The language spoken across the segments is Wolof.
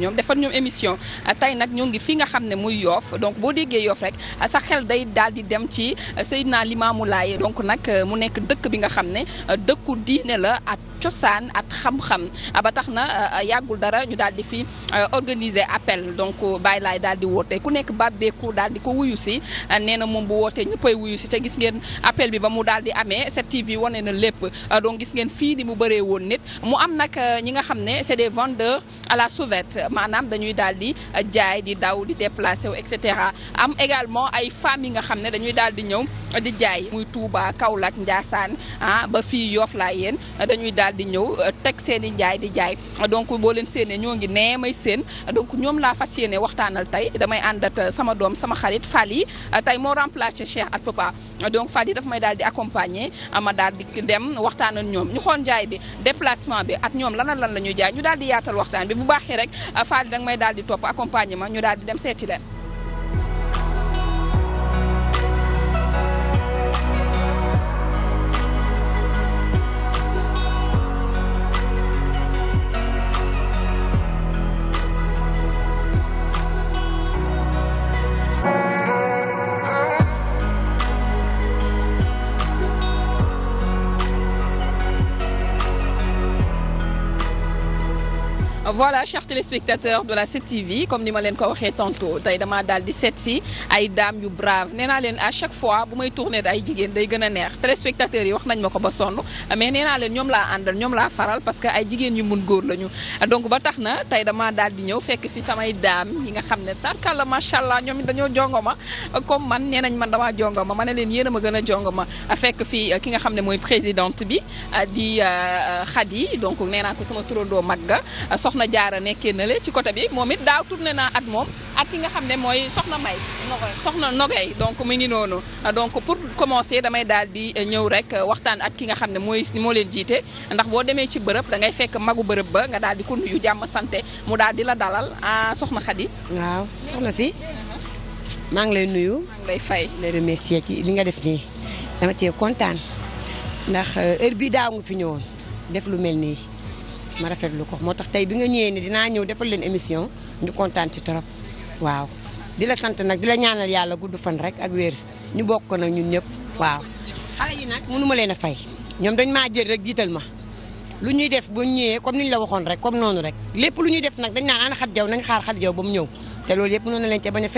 ñoom defar ñoom émission tey nag ñoo ngi fi nga xam ne muy yoof donc boo déggee yoof rek sa xel day daal di dem ci euh, Seydina Limaamu Laay donc nag euh, mu nekk dëkk bi nga xam ne euh, dëkku diine la ak cosaan ak xam-xam ah, ba tax na yàggul dara ñu daal di fi organiser appel donc bàyyi laay daal di ku nekk bàbbeeku daal di ko wuyu si nee na moom bu wootee ñëppay wuyu si te gis ngeen appel bi ba mu daal di amee 7TV wane na lépp donc gis ngeen fii ni mu bëree woon nit mu am nag ñi nga xam ne c'est des vendeurs à la sauvette maanaam dañuy daal di eh, jaay di daw di déplacé wu et cetera am également ay femmes yi nga xam ne dañuy daal di ñëw di jaay muy Touba Kaolack Ndiassane ah ba fii yoof laa yéen dañuy daal di ñëw eh, teg seen i njaay di jaay donc boo leen séenee ñoo ngi nee may séen donc ñoom laa fas yéene waxtaanal tey damay ànd àndat eh, sama doom sama xarit Fally eh, tey moo remplacé Cheikh at Papa donc Fally daf may daal di accompagner ma daal di dem waxtaan ak ñoom ñu xool njaay bi déplacement bi ak ñoom lan lan la ñuy jaay ñu daal di yaatal waxtaan bi bu baaxee rek Fally danga may daal di topp accompagner ñu daal di dem seeti voilà chers téléspectateurs de la 7TV comme ni ma leen ko waxee tantôt tey dama daal di seet si ay daam yu brave nee naa leen à chaque fois bu may tourner ay jigéen day gën a neex téléspectateurs yi wax nañ ma ko ba sonn mais neena leen ñoom laa àndal ñoom laa faral parce que ay jigéen yu mun góor lañu. donc ba tax na tey damaa daal di ñëw fekk fi samay daam yi nga xam ne la macha allah ñoom it dañoo jongoma comme man nee nañ man damaa jongoma ma ne leen yéen ma gën a jongoma fekk fi euh, ki nga xam ne mooy présidente bi euh, di euh, Khady donc nee naa ko sama turandoo mag ga soxna soxna jaara nekkee na le ci côté bi moom it daaw tourné naa at moom at ki nga xam ne mooy soxna may soxna nogay donc mu ngi noonu donc pour commencer damay daal di ñëw rek waxtaan ak ki nga xam ne mooy moo leen jiite ndax boo demee ci bërëb da ngay fekk magu bërëb ba nga daal di ko nuyu jàmm sante mu daal di la dalal ah soxna Xadi waaw soxna si maa ngi lay nuyu maa lay fay lay remercier ci li nga def nii dama cee kontaan ndax euh, heure bi daawu nga fi ñëwoon def lu mel nii ma rafetlu ko moo tax tey bi nga ñëwee ne dinaa ñëw defal leen émission ñu kontaan ci trop waaw. di la sant nag di la ñaanal yàlla gudd fan rek ak wér ñu bokk nag ñun ñëpp waaw. xale yi nag mënu ma leen a fay ñoom dañ maa jël rek jiital ma lu ñuy def bu ñëwee comme ni la waxoon rek comme noonu rek lépp lu ñuy def nag dañ naan ana xat jaw nañ xaar xat jaw ba mu ñëw te loolu yëpp noonu leen ca bañ a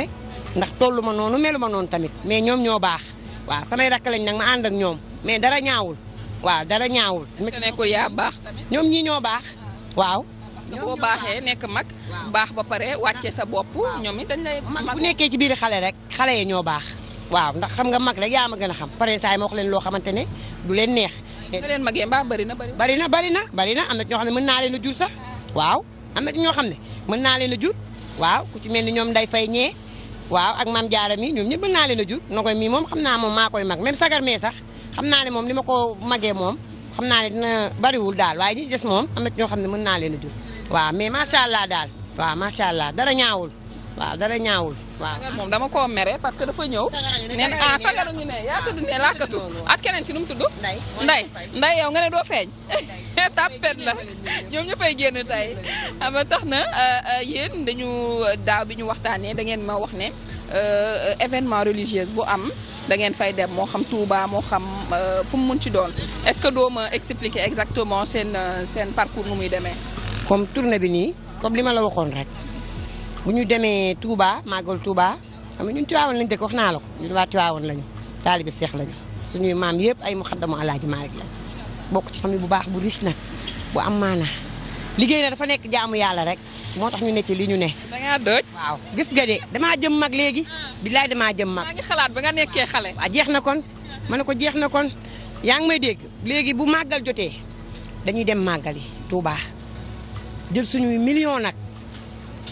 ndax toolu ma noonu melu ma noonu tamit mais ñoom ñoo baax waaw samay rakk lañ nag ma ànd ak ñoom mais dara ñaawul. waaw dara ñaawul. nekkul yaa baax tamit. ñoom ñii ñoo baax. Ah. waaw. parce que boo baaxee nekk mag. baax ba pare wàcce sa bopp. ñoom it dañ lay mag bu nekkee ci biir xale rek xale yi ñoo baax. waaw ndax xam nga mag rek yaa ma gën xam pare saa yi ma leen loo xamante ne du leen neex. nga leen magee mbaa bari na bari na bari na bari na am na ci ñoo xam ne mën naa leen a jur sax. waaw am na ñoo xam ne mën naa leen a jur. waaw ku ci mel ni ñoom day fay ñee waaw ak maam jaara mi ñoom ñëpp mën naa leen a jur ndogoy mi moom xam naa moom maa koy mag même sagar mee sax xam naa ne moom li ma ko magee moom xam naa ne dina bariwul daal waaye ñi ci des moom am ñoo xam ne mën naa leen a jur waaw mais macha allah daal waaw macha allah dara ñaawul waaw dara ñaawul waaw moom dama koo mere parce que dafa ñëw neen ah sagaru ñu ne yaa tudd ne làkkatu ak keneen ki nu tudd nday nday yow nga ne doo feeñ tàppet la ñoom ñu génn tey ama ah, tax na euh, euh, yéen dañu euh, daaw bi ñu waxtaanee da ngeen ma wax ne Euh, événement religieux bu am da ngeen fay dem moo xam Touba moo xam euh, fu mu mun ci doon est-ce que doo ma expliquer exactement seen euh, seen parcours nu muy demee. comme tournée bi nii comme li ma la waxoon rek bu ñu demee Touba màggal Touba xam nga ñun Tiwaawoon lañ dëkk wax naa la ko ñun waa Tiwaawoon lañu taalibi seex lañu suñuy maam yëpp ay muxaddamu Alaaji Maalik lañu bokk ci famille bu baax bu riche nag bu am maanaa liggéey na dafa nekk jaamu yàlla rek. moo tax ñu ne ci li ñu ne. da ngaa gis nga de damaa jëm mag léegi. billaay damaa jëm mag. maa ngi xalaat ba nga nekkee xale. waaw jeex na kon ma ne ko jeex na kon yaa ngi may dégg léegi bu màggal jotee dañuy dem màggali Touba jël suñuy million nag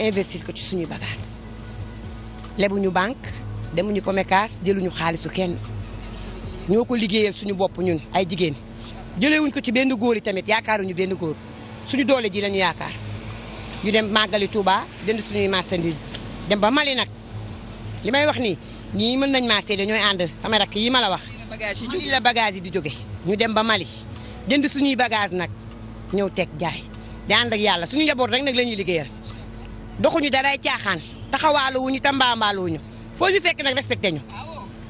investir ko ci suñuy bagage ñu banque demuñu commerce jëluñu xaalisu kenn ñoo ko liggéeyal suñu bopp ñun ay jigéen jëlewuñ ko ci benn góor yi tamit yaakaaruñu benn góor suñu doole ji lañu yaakaar. ñu dem màggali Touba jënd suñuy marchandise dem ba Mali nag li may wax nii ñii mën nañ maa seede ñooy ànd sama rakk yi ma la wax. Mali la bagage yi di jóge ñu dem ba Mali jënd suñuy bagage nag ñëw teg jaay di ànd ak yàlla suñu njaboot rek nag la ñuy liggéeyal doxuñu daray caaxaan taxawaaluwuñu tambaambaaluwuñu foo ñu fekk nag respecté ñu.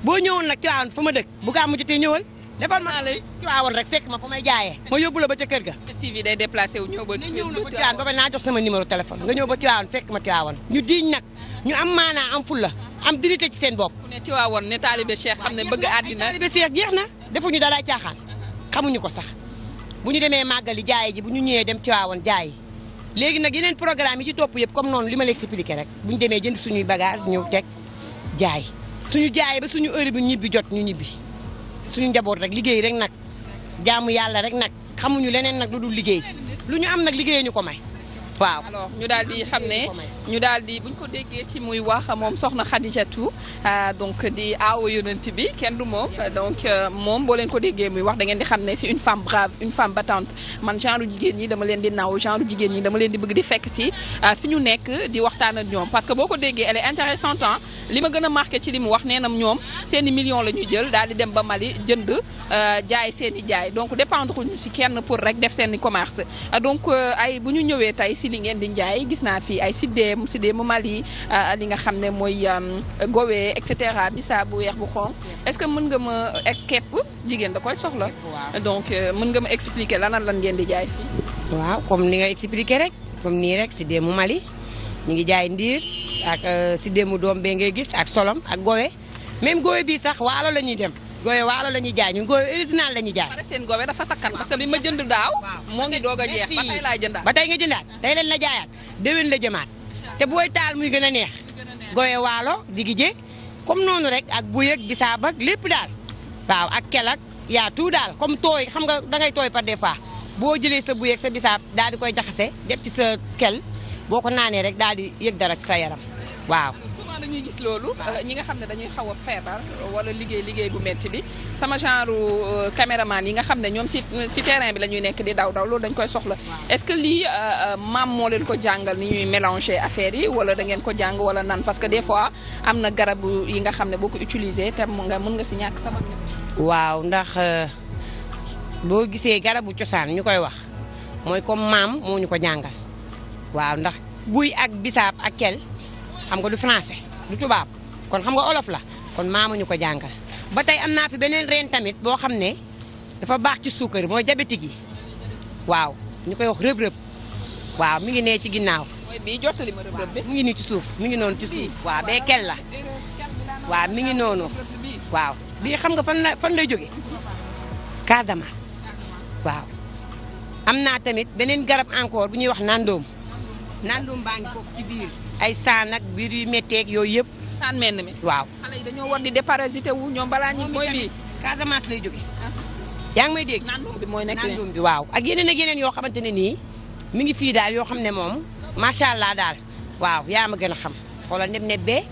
boo ñëwoon nag ci waawoon fa ma dëkk bu gaa mujjatee ñëwal. defal ma lay ci waawoon rek fekk ma fa may jaaye ma yóbbu la ba ca kër ga TV day déplacé wu ñëw ba ñëw na ba Tiwaawan ba ba naa jox sama numéro téléphone nga ñëw ba Tiwaawan fekk ma Tiwaawan ñu diiñ nag ñu am maanaa am fulla am dignité ci seen bopp ku ne ne taalibe Cheikh xam ne bëgg àddina taalibe Cheikh jeex na defuñu dara caaxaan xamuñu ko sax bu ñu demee màggali jaaye ji bu ñu ñëwee dem Tiwaawan jaay léegi nag yeneen programme yi ci topp yëpp comme noonu li ma la expliqué rek bu ñu demee jënd suñuy bagage ñëw teg jaay suñu jaay ba suñu heure bi ñibbi jot ñu ñibbi suñu njaboot rek liggéey rek nag jaamu yàlla rek nag xamuñu leneen nag lu dul liggéey lu ñu am nag liggéey ñu ko may waaw alors ñu daal di xam ne ñu daal di buñ ko déggee ci muy wax moom soxna Khadijatou euh, donc di aawo yonent bi kenn du moom donc euh, moom boo leen ko déggee muy wax da ngeen di xam ne si une femme brave une femme battante man genre jigéen ñi dama leen di naaw genre jigéen ñi dama leen di bëgg di fekk ci euh, fi ñu nekk di waxtaan ak ñoom parce que boo ko déggee elle est intéressante ah li ma gën a marqué ci li mu wax nee na ñoom seeni million la ñuy jël daal di dem ba Mali jënd jaay seeni jaay donc dépendre ñu ci kenn pour rek def seeni commerce donc ay bu ñu ñëwee tey si li ngeen di njaay gis naa fi ay siddeem mu Mali euh, li nga xam ne mooy euh, gowee et cetera bisaab bu weex bu xonq est-ce que mën nga ma ak euh, képp jigéen da koy soxla. donc mën nga ma expliquer lan lan ngeen di jaay fii. waaw comme ni nga expliquer rek comme nii rek mu Mali ñu ngi jaay ndiir ak siddeemu doom bee ngay gis ak solom ak gowe même gowe bii sax waalo la ñuy dem. gooy waalo la ñuy jaay ñun gooy original la ñuy jaay. pare seen gooy dafa sakkan parce que li ma jënd daaw. moo ngi doog a jeex ba tey laa jëndaat. ba tey nga jëndaat tey leen la jaayaat déwén la jëmaat te booy taal muy gën a neex. gooy waalo digi je comme noonu rek ak bu ak bisaab ak lépp daal waaw ak kel yaa tout daal comme tooy xam nga ngay tooy par des fois boo jëlee sa buy ak sa bisaab daal di koy jaxase def ci sa kel boo ko naanee rek daal di yëg dara ci sa yaram waaw. dañuy gis loolu euh, ñi nga xam ne dañuy xaw a feebar wala liggéey liggéey bu metti bi sama genre euh, caméraman yi nga xam ne ñoom si si euh, terrain bi la ñuy nekk di daw daw loolu dañ koy soxla est-ce que lii maam moo leen ko jàngal ni ñuy mélanger affaires yi wala da ngeen ko jàng wala nan parce que des fois am na garab yi nga xam ne boo ko utiliser te mun nga mën nga si ñàkk sama waaw ndax boo gisee garabu cosaan ñu koy wax mooy comme maam moo ñu ko jàngal waaw ndax buy ak bisaab ak kel xam nga du français du tubaab kon xam nga olof la kon ñu ko jàngal. ba tey am naa fi beneen reen tamit boo xam ne dafa baax ci suukar mooy diabétique yi waaw ñu koy wax rëb-rëb waaw mi ngi nee ci ginnaaw. mooy bii jottali ma rëb bi. mu ngi nii ci suuf mi ngi noonu ci suuf. waaw bee kel la waaw mi ngi noonu. waaw bii xam nga fan la fan lay jóge Casamance waaw. am naa tamit beneen garab encore bu ñuy wax nandoom nandoom baa ngi foofu ci biir. ay saan ak biir yu métteeg yooyu yëpp. saan menn mi waaw. xale yi dañoo wu ñoom balaa ñuy. mooy lii Casamance lay jóge ah. yaa ngi may dégg mooy nekk naan doom bi waaw. ak yeneen ak yeneen yoo xamante ne nii mingi ngi fii daal yoo xam ne moom macha allah daal waaw yaa ma gën a xam xoolal neb neb bee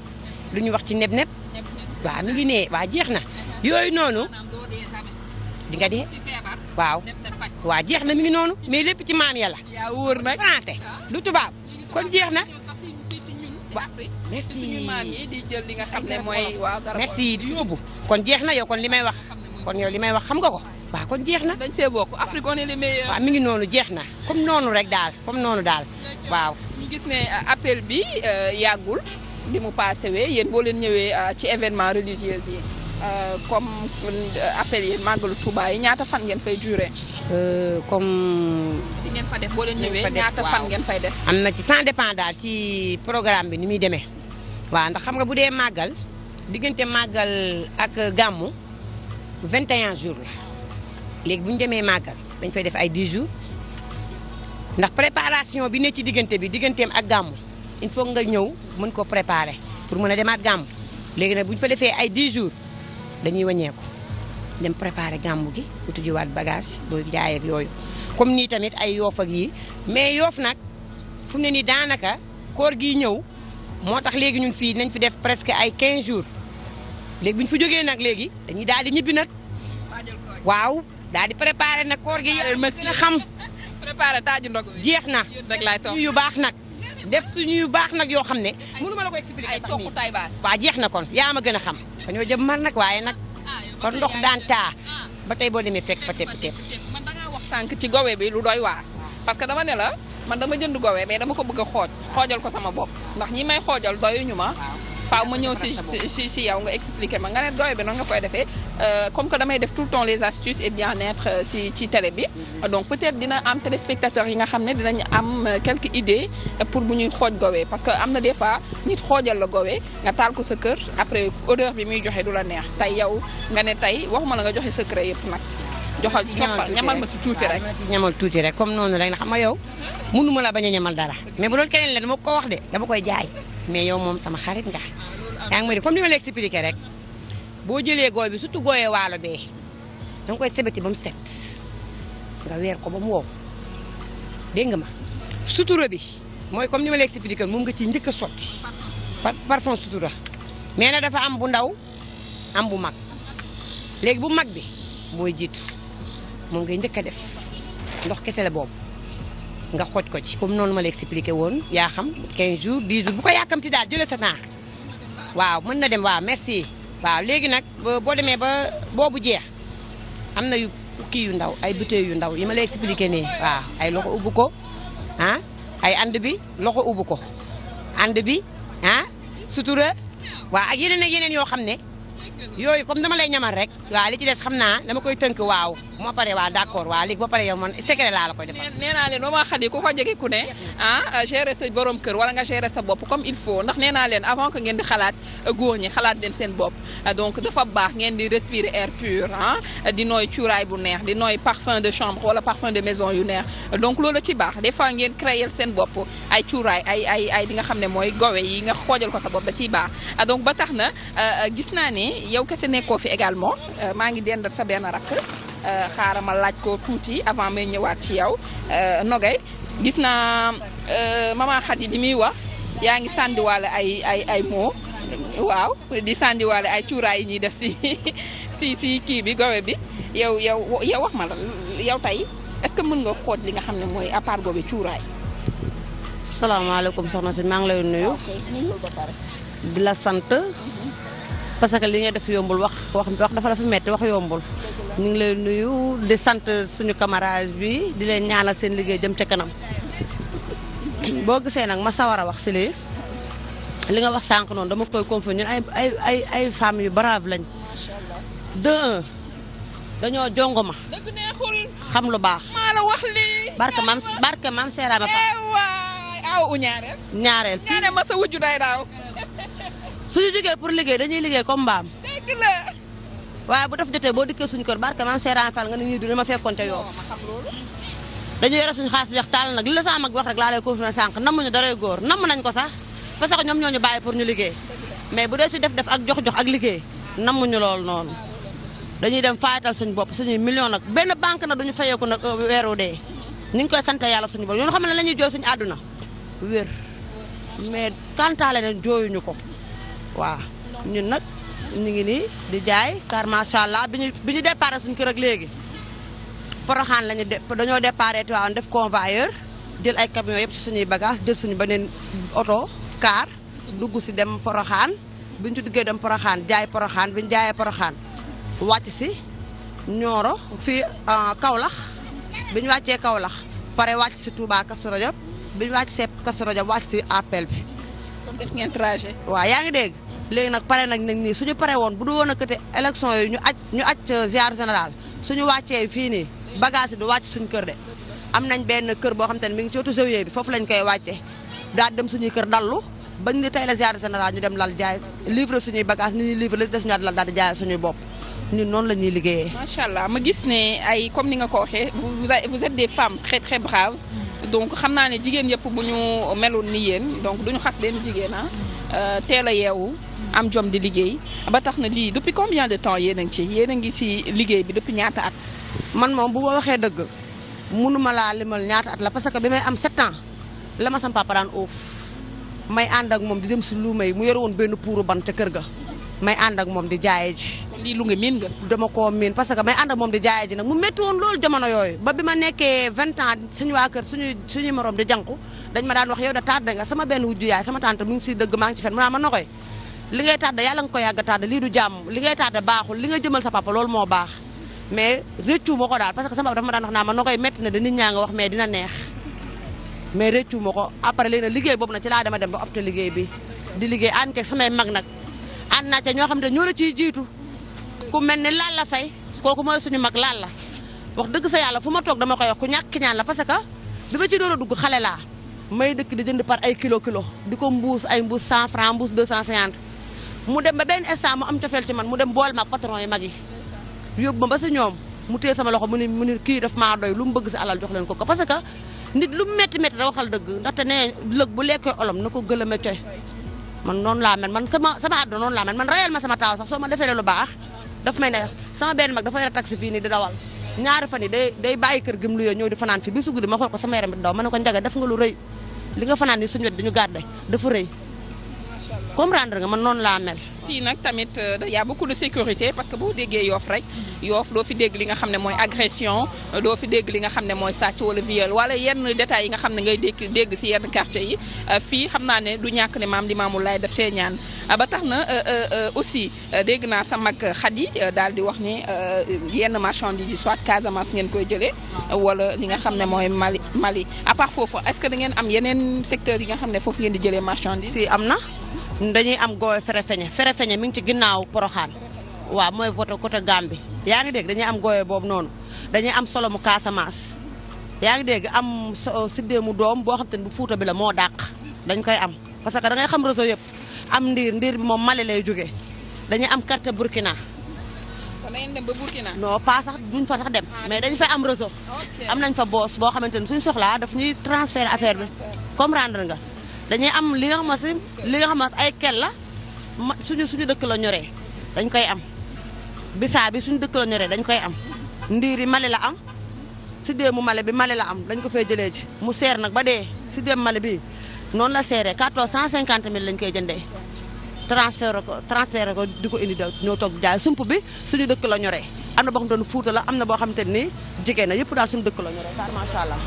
lu ñu wax ci neb neb. waaw mi ngi nee waaw jeex na yooyu noonu. di nga waaw waa jeex na mi ngi noonu mais lépp ci maam yàlla. yaa wóor nag français ah. kon jeex na. ci Afrique merci di jël li nga xam ne mooy waaw garab merci di yóbbu kon jeex na yow kon li may wax kon yow li may wax xam nga ko waaw kon jeex na dañ see bokk Afrique on est les meilleurs waaw mi ngi noonu jeex na comme noonu rek daal comme noonu daal waaw ñu gis ne euh, appel bi euh, yàggul bi mu passé wee yéen boo leen ñëwee euh, ci événement religieux Euh, comme euh, appel yi màggalu Touba yi ñaata fan ngeen fay juré. Euh, comme. di ngeen fa def boo leen ñëwee ñaata fan ngeen fay def. am na ci sans dépend daal ci programme bi ni muy demee waaw ndax xam nga bu dee màggal diggante màggal ak gàmmu 21 jours léegi bu demee màggal dañ fay def ay 10 jours ndax préparation bi ne ci diggante bi digganteem ak gàmmu il faut nga ñëw mën ko préparer pour mën a demaat gàmmu léegi nag bu ñu fa defee ay 10 jours. dañuy wàññeeku dem préparer gàmmu gi utu jiwaat bagage bu jaay ak yooyu. comme nii tamit ay yoof ak yii mais yoof nag fu ne nii daanaka koor gi ñëw moo tax léegi ñun fii nañ fi def presque ay 15 jours léegi bu ñu jógee nag léegi dañuy daal di ñibbi nag waaw daal di préparer nag koor gi. yéen xam préparer taaju ndog jeex na yu baax nag. def suñu yu baax nag yoo xam ne. mënu ma la ko expliquer sax nii waa jeex na kon yaa ma gën a xam. dañoo jëm mar nag waaye nag ah, kon ndox daan taa ah. ba tey boo demee fekk fa tepp tepp. man da ngaa wax sànq ci gowe bi lu doy waar parce que dama ne la man dama jënd gowe mais dama ko bëgg a xooj xoojal ko sama bopp ndax ñi may xoojal ñu ma faaw ma ñëw si si si yow nga expliquer ma nga ne doye bi noonu nga koy defee euh, comme que damay def tout le temps les astuces et bien-être euh, si ci télé bi donc peut-être dina am téléspectateurs yi nga xam ne dina am euh, quelques idées pour bu ñuy xooj gowee parce que am na des fois nit xoojal la gowee nga taal ko sa kër après odeur bi muy joxe du la neex tey yow nga ne tey waxuma la nga joxe secret yëpp nag joxal coppal ñamal ma si tuuti rek ñamal tuuti rek comme noonu rek na xam nga yow mënuma la bañ a ñamal dara mais bu doon keneen la dama ko wax de dama koy jaay mais yow moom sama xarit nga yaa ngi ma di comme ni ma la expliqué rek boo jëlee gooy bi surtout gooyee waalo bee da nga koy sebeti ba mu set nga weer ko ba mu wow dégg nga ma sutura bi mooy comme ni ma la expliqué moom nga ciy njëkk a sotti parfum sutura mais na dafa am bu ndaw am bu mag léegi bu mag bi mooy jiitu moom ngay njëkk a def ndox kese la boobu nga xooj ko ci comme noonu ma la expliqué woon yaa xam 15 jours 10 jours bu ko yàkkamti daal jëlee sa temps waaw mën na dem waaw merci waaw léegi nag boo demee ba boobu jeex am na yu kii yu ndaw ay bouteilles yu ndaw yi ma la expliqué nii waaw ay loxo ubbu ko ah, ay ànd bi loxo ubbu ko ànd bi ah sutura waaw ak yeneen ak yeneen yoo xam ne yooyu comme dama lay ñamal rek waaw li ci des xam naa dama koy tënk waaw moo pare waa d'accord waa léegi ba pare yow man secret laa la koy defal nee naa leen ma xadi ku ko jege ku ne ah gérer sa borom kër wala nga gérer sa bopp comme il faut ndax nee naa leen avant que ngeen di xalaat góor ñi xalaat leen seen bopp donc dafa baax ngeen di respirer air pur ah, di nooy cuuraay bu neex di nooy parfum de chambre wala parfum de maison yu neex donc loolu ci baax des fois ngeen créer seen bopp ay cuuraay ay ay ay di xam ne mooy gowe yi nga xoojal ko sa bopp da ciy baax ah, donc ba tax na euh, gis naa ne yow kese nekkoo fi également euh, maa ngi dend sa benn rakk Euh, xaaral ma laaj ko tuuti avant may ñëwaat ci yow euh, Nogay gis naa euh, mama yi di muy wax yaa ngi sàndiwaale ay ay ay moo waaw di sàndiwaale ay cuuraay yi ñuy def si si kii bi gowe bi yow yow yow wax ma la yow tey est-ce que mën nga xooj li nga xam ne mooy à part gobe cuuraay. salaamaaleykum soxna si maa ngi lay nuyu. di la sant. Mhm. parce que li nga def yombul wax wax wax dafa dafa metti wax yombul. ñu ngi lay nuyu di sant suñu camarade bi di leen ñaanal seen liggéey jëm ca kanam boo gisee nag ma sawar a wax si lii li nga wax sànq noonu dama koy confirmer ñun ay ay ay ay femmes yu brave lañ de un dañoo jongoma xam lu baax maa la wax lii barke maam barke maam seeraama aw u ñaareel ñaareel ñaareel ma sa wujju day daaw suñu jógee pour liggéey dañuy liggéey comme mbaam waaye bu def jotee boo dikkee suñu kër barke maam Seeraan Fall nga ne ñii du li ma fekkoon te yoo dañu yore suñu xaalis bi weex taal nag li la sama mag wax rek laa lay confirmer sànq namuñu daray góor namm nañ ko sax parce que ñoom ñoo ñu bàyyi pour ñu liggéey mais bu dee si def def ak jox-jox ak liggéey namuñu loolu noonu dañuy dem faayatal suñu bopp suñuy million nag benn banque nag duñu fayeeku nag euh, weeru dee ñu ngi koy sant yàlla suñu bopp ñun xam ne la ñuy jooy suñu aduna wér mais kantaale ne jooyuñu ko waaw ñun nag ñu ngi nii di jaay car macha allah bi ñu bi ñu déparé suñu kër ak léegi poroxaan lañu de dañoo déparé Tivaouane def convoyeur jël ay camions yëpp ci suñuy bagage jël suñu beneen oto car dugg si dem poroxaan bi ñu ci duggee dem poroxaan jaay poroxaan bi ñu jaayee poroxaan wàcc si Nioro fii euh, Kaolack bi ñu wàccee Kaolack pare wàcc si Touba Kazu Rajab bi ñu wàcc see Kazu Rajab wàcc si appel bi. comme yaa ngi dégg. léegi nag pare nag nag nii suñu pare woon bu du woon a côté élection yi ñu aj ñu ar euh, ziar suñu wàccee fii nii bagage yi du wàcc suñu kër de am nañ benn kër boo xam te ne mi ngi ci wetu zawiya foofu lañ koy wàccee daal dem suñuy kër dallu bañ ni tey la ziar général ñu dem lal jaay livre suñuy bagage ni ñuy livre la des ñu lal daal di jaay suñuy bopp ñu noonu la ñuy liggéeyee. macha allah ma gis ne ay comme ni nga ko waxee vous êtes des femmes très très braves donc xam naa ne jigéen yëpp bu ñu meloon ni yéen donc du xas benn jigéen ah, euh, teel a yeewu. am jom di liggéey ba tax na lii depuis combien de temps yéen ci yéen a ngi si liggéey bi depuis ñaata at. man moom bu ma waxee dëgg mënuma laa limal ñaata at la parce que bi may am 7 ans la ma sam papa daan oof may ànd ak moom di dem si mu woon benn puuru ban kër ga may ànd di jaayee lii lu nga miin nga. dama koo miin parce que may ànd moom di jaayee ji nag mu métti woon loolu jamono yooyu ba bi ma nekkee 20 ans suñu waa kër suñu suñu morom di jànku dañ ma daan wax yow da tardé nga sama benn wujju sama tante mu ngi siy dëgg maa ngi ci fen mu li ngay tardé yàlla nga ko yàgg a tardé lii du jàmm li ngay tardé baaxul li nga jëmal sa papa loolu moo baax mais rëccu ma ko daal parce que sama papa dafa ma daan koy métti na da nit ñaa nga wax mais dina neex ko après léegi liggéey boobu nag ci laa dama dem ba opté liggéey bi di liggéey ànd ceeg samay mag nag ànd ñoo xam ne ñoo la ciy jiitu ku mel ni laal la fay kooku mooy suñu mag laal la wax dëgg sa yàlla fu ma toog dama koy wax ku ñàkk ñaan la parce que bi ma ci door a dugg xale may dëkk di jënd par ay kilo kilo di ko mbuus ay mbuus 100 francs mbuus 250 mu dem ba benn instant mu am cofeel ci man mu dem bool ma patron yi mag yi yóbbu ma ba si ñoom mu téye sama loxo mu ni mu ni kii daf maa doy lu mu bëgg si alal jox leen ko ko parce que nit lu mu métti métti da waxal dëgg ndaxte nee lëg bu lekkee olom na ko gëlëme coy man noonu laa mel man sama sama àdduna noonu laa mel man rayal ma sama taaw soo ma defee lu baax daf may ne sama benn mag dafa yore taxi fii nii di dawal ñaari fan yi day day bàyyi kër gëm lu yoo ñëw di fanaan fi bi su ma xool ko sama yaram bi daw ma ne ko njaga def nga lu rëy li nga fanaan ni suñu dañu gàdde dafa rëy comprendre nga man noonu laa mel. fii nag tamit euh, y a beaucoup de sécurité parce que boo déggee yoof rek yoof doo fi dégg li nga xam ne mooy agression euh, doo fi dégg li nga xam ne mooy sàcc wala viol wala yenn détails yi nga xam ne ngay dégg dégg si yenn quartier yi euh, fii xam naa ne du ñàkk ne maam Limaamu Laay daf tee ñaan ba tax na aussi dégg naa sa mag Xadi daal di wax ni yenn marchandises yi soit Casamance ngeen koy jëlee wala li nga xam ne mooy Mali Mali à part foofu est-ce que da am yeneen secteurs yi nga xam ne foofu ngeen di jëlee marchandises si am na dañuy am goowe fere feñe fere feñe mi ngi ci ginnaaw poroxaan waaw mooy côté côté bi yaa ngi dégg dañuy am goowe boobu noonu dañuy am solo mu Casamance yaa ngi dégg am euh, siddee mu doom boo xam te ni bu fuuta bi la moo dàq dañ koy am parce que da ngay xam réseau yëpp am ndiir ndiir bi moom Mali lay jógee dañuy am carte Burkina kon dañuy dem ba Burkina. non pas sax duñ fa sax dem. Ah, mais dañ fa am réseau. am nañ fa boos boo xamante ne suñ soxlaa daf ñuy transfert affaire bi comprendre nga. dañuy am li nga xam si li nga xam ay kel la suñu suñu dëkk la ñoree dañ koy am bisaa bi suñu dëkk la ñoree dañ koy am ndiiri mali la am si mu mali bi mali la am dañ ko fee jëlee ji mu seer nag ba dee si déem mali bi noonu la seeree carton cent cinquante mille lañ koy jëndee transféré ko transféré ko di ko indi da ñoo toog jaay sump bi suñu dëkk la ñoree am na boo xam te ne fuuta la am na boo xam te nii jigéen na yëpp daal suñu dëkk la ñoree macha allah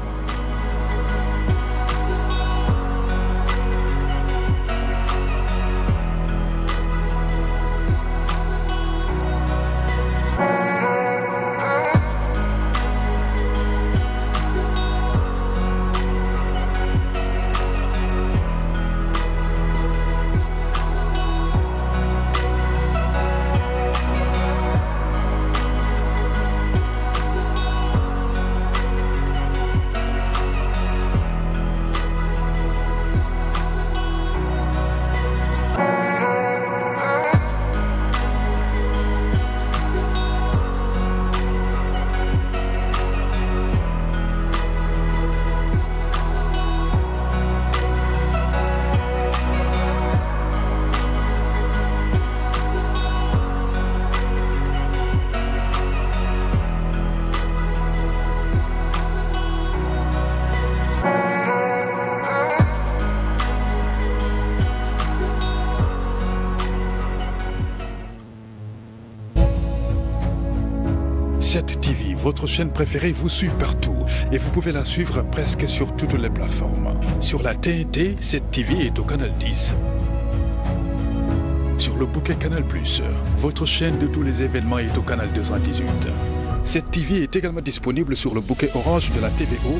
7 TV, votre chaîne préférée, vous suit partout et vous pouvez la suivre presque sur toutes les plateformes. Sur la TNT, 7 de tous les événements est au canal 218. 7 TV est également disponible sur le bouquet orange de la TVO au